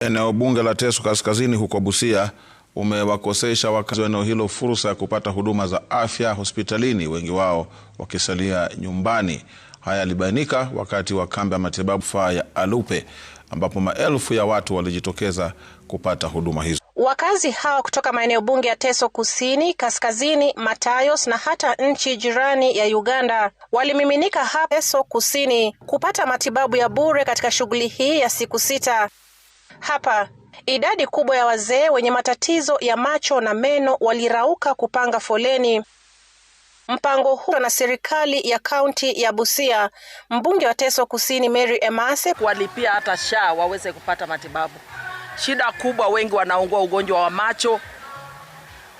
Eneo bunge la Teso Kaskazini huko Busia umewakosesha wakazi wa eneo hilo fursa ya kupata huduma za afya hospitalini, wengi wao wakisalia nyumbani. Haya yalibainika wakati wa kambi ya matibabu faa ya Alupe ambapo maelfu ya watu walijitokeza kupata huduma hizo. Wakazi hawa kutoka maeneo bunge ya Teso Kusini, Kaskazini, Matayos na hata nchi jirani ya Uganda walimiminika hapa Teso Kusini kupata matibabu ya bure katika shughuli hii ya siku sita. Hapa idadi kubwa ya wazee wenye matatizo ya macho na meno walirauka kupanga foleni. Mpango huu na serikali ya kaunti ya Busia, mbunge wa Teso Kusini Mary Emase walipia hata shaa waweze kupata matibabu. Shida kubwa, wengi wanaungua ugonjwa wa macho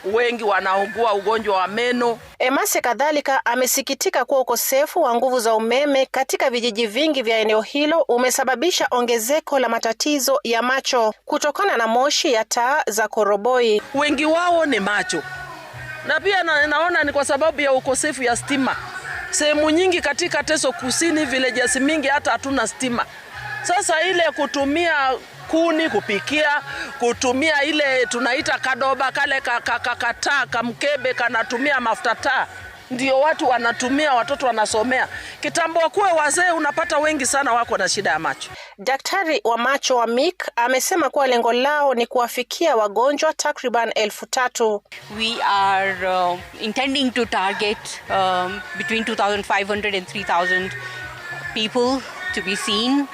wengi wanaugua ugonjwa wa meno. Emase kadhalika amesikitika kuwa ukosefu wa nguvu za umeme katika vijiji vingi vya eneo hilo umesababisha ongezeko la matatizo ya macho kutokana na moshi ya taa za koroboi. Wengi wao ni macho, na pia na, naona ni kwa sababu ya ukosefu ya stima. Sehemu nyingi katika Teso Kusini, vilejas mingi hata hatuna stima. Sasa ile kutumia kuni, kupikia, kutumia ile tunaita kadoba kale kakataa kamkebe kanatumia mafuta taa ndio watu wanatumia, watoto wanasomea. Kitambo kuwe wazee, unapata wengi sana wako na shida ya macho. Daktari wa macho wa MIC amesema kuwa lengo lao ni kuwafikia wagonjwa takriban elfu tatu. We are uh, intending to target um, between 2500 and 3000 people to be seen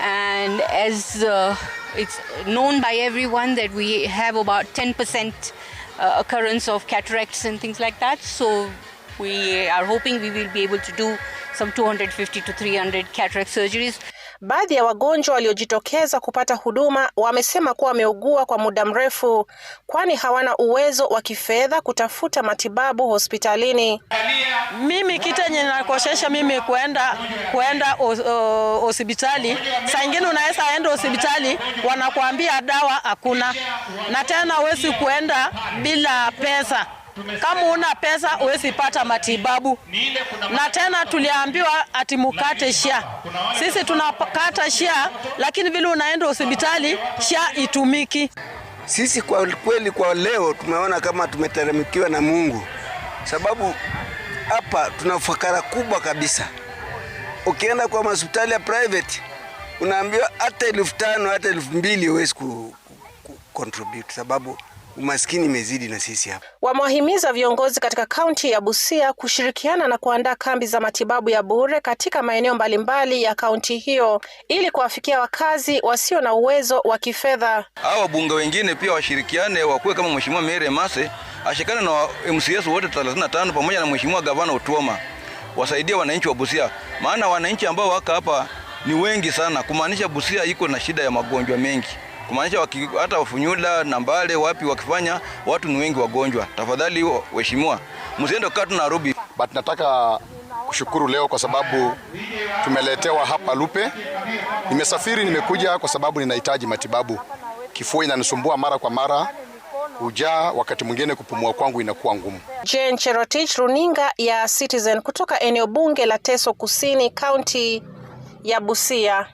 and as uh, it's known by everyone that we have about 10% uh, occurrence of cataracts and things like that so we are hoping we will be able to do some 250 to 300 cataract surgeries Baadhi ya wagonjwa waliojitokeza kupata huduma wamesema kuwa wameugua kwa muda mrefu, kwani hawana uwezo wa kifedha kutafuta matibabu hospitalini. Mimi kitenye nakoshesha mimi kuenda kuenda hospitali, saa ingine unaweza enda hospitali wanakuambia dawa hakuna, na tena huwezi kuenda bila pesa. Kama una pesa huwezi pata matibabu, na tena tuliambiwa ati mukate SHA. Sisi tunakata SHA, lakini vile unaenda hospitali SHA itumiki. Sisi kwa kweli, kwa leo tumeona kama tumeteremkiwa na Mungu, sababu hapa tuna fakara kubwa kabisa. Ukienda kwa hospitali ya private unaambiwa hata elfu tano hata elfu mbili huwezi ku contribute sababu umaskini imezidi na sisi hapa. Wamewahimiza viongozi katika kaunti ya Busia kushirikiana na kuandaa kambi za matibabu ya bure katika maeneo mbalimbali ya kaunti hiyo ili kuwafikia wakazi wasio na uwezo wa kifedha. Hao wabunge wengine pia washirikiane, wakuwe kama Mheshimiwa Mary Mase ashikane na MCS wote 35 pamoja na Mheshimiwa Gavana utuoma wasaidie wananchi wa Busia, maana wananchi ambao wako hapa ni wengi sana, kumaanisha Busia iko na shida ya magonjwa mengi kumaanisha hata Ufunyula na Mbale wapi wakifanya watu ni wengi wagonjwa. Tafadhali waheshimiwa, msiende kukaa tu Nairobi. But nataka kushukuru leo kwa sababu tumeletewa hapa Lupe. Nimesafiri, nimekuja kwa sababu ninahitaji matibabu. Kifua inanisumbua mara kwa mara, hujaa wakati mwingine, kupumua kwangu inakuwa ngumu. Jane Cherotich, runinga ya Citizen kutoka eneo bunge la Teso Kusini, kaunti ya Busia.